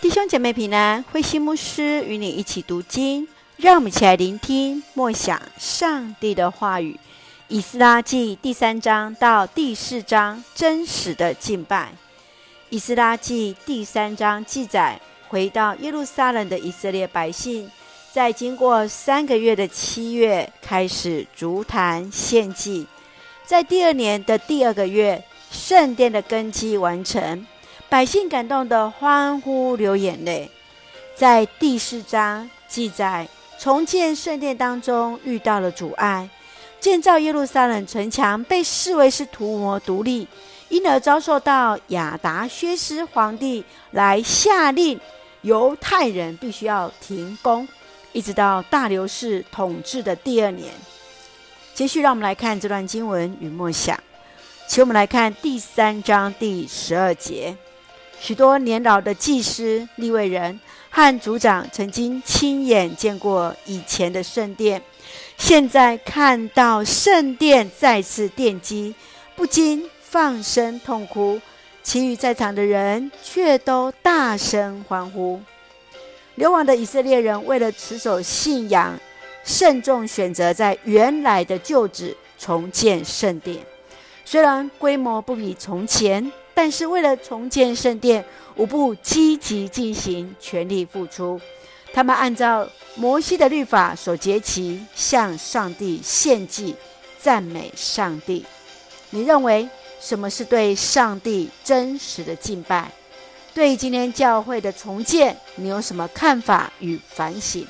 弟兄姐妹平安，慧馨牧師與你一起讀經，讓我們一起來聆聽、默想上帝的話語。《以斯拉記》第三章到第四章，真實的敬拜。《以斯拉記》第三章記載，回到耶路撒冷的以色列百姓，在經過三個月的七月，開始築壇獻祭。在第二年的第二個月，聖殿的根基完成。百姓感動得歡呼，流眼淚。在第四章記載，重建聖殿當中遇到了阻礙，建造耶路撒冷城牆被視為是圖謀獨立，因而遭受到亞達薛西皇帝來下令，猶太人必須要停工，一直到大流士統治的第二年。接續讓我們來看這段經文與默想，請我們來看第三章第十二節。許多年老的祭司、利未人和族長曾經親眼見過以前的聖殿，現在看到聖殿再次奠基，不禁放聲痛哭；其餘在場的人卻都大聲歡呼。流亡的以色列人為了持守信仰，慎重選擇在原來的舊址重建聖殿，雖然規模不比從前。但是為了重建聖殿，無不積極進行，全力付出。他們按照摩西的律法守節期，向上帝獻祭，讚美上帝。你認為什麼是對上帝真實的敬拜？對於今天教會的重建，你有什麼看法與反省？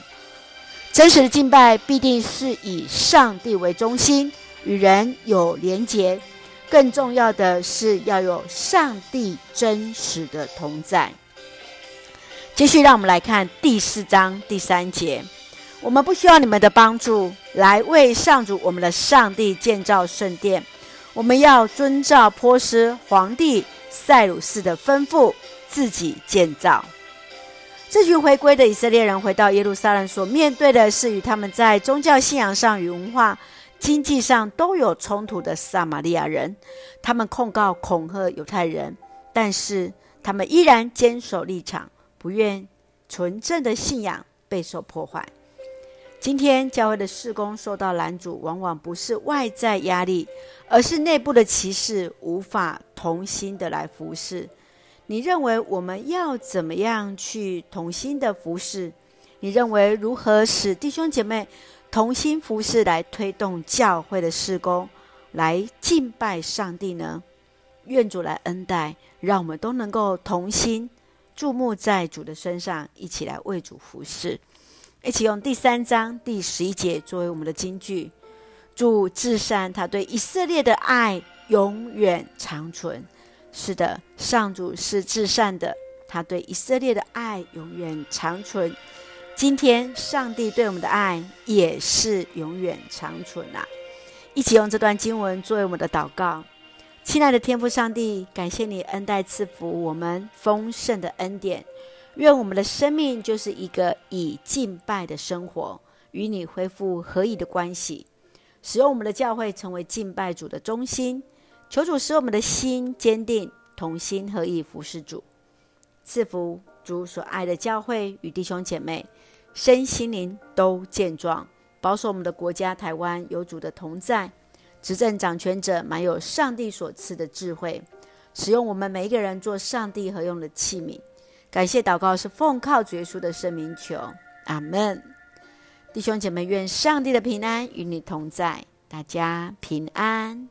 真實的敬拜必定是以上帝為中心，與人有聯結。更重要的是要有上帝真實的同在。繼續，讓我們來看第四章第三節。我們不需要你們的幫助，來為上主我們的上帝建造聖殿，我們要遵照波斯皇帝塞魯士的吩咐自己建造。這群回歸的以色列人回到耶路撒冷，所面對的是與他們在宗教信仰上與文化。經濟上都有衝突的撒瑪利亞人，他們控告恐嚇猶太人，但是他們依然堅守立場，不願純正的信仰備受破壞。今天教會的事工受到攔阻，往往不是外在壓力，而是內部的歧視，無法同心的來服侍。你認為我們要怎麼樣去同心的服侍？你認為如何使弟兄姐妹，同心服侍來推動教會的事工，來敬拜上帝呢？願主來恩待，讓我們都能夠同心注目在主的身上，一起來為主服侍，一起用第三章第十一節作為我們的金句。主至善，他對以色列的愛永遠長存。是的，上主是至善的，他對以色列的愛永遠長存。今天上帝對我們的愛也是永遠長存啊！一起用這段經文作為我們的禱告，親愛的天父上帝，感謝你恩待賜福我們豐盛的恩典，願我們的生命就是一個以敬拜的生活，與你恢復合宜的關係，使用我們的教會成為敬拜主的中心，求主使我們的心堅定，同心合一服侍主，賜福。主所愛的教會與弟兄姐妹，身心靈都健壯，保守我們的國家台灣有主的同在。執政掌權者滿有上帝所賜的智慧，使用我們每一個人做上帝合用的器皿。感謝禱告是奉靠主耶穌的聖名求，阿門。弟兄姐妹，願上帝的平安與你同在，大家平安。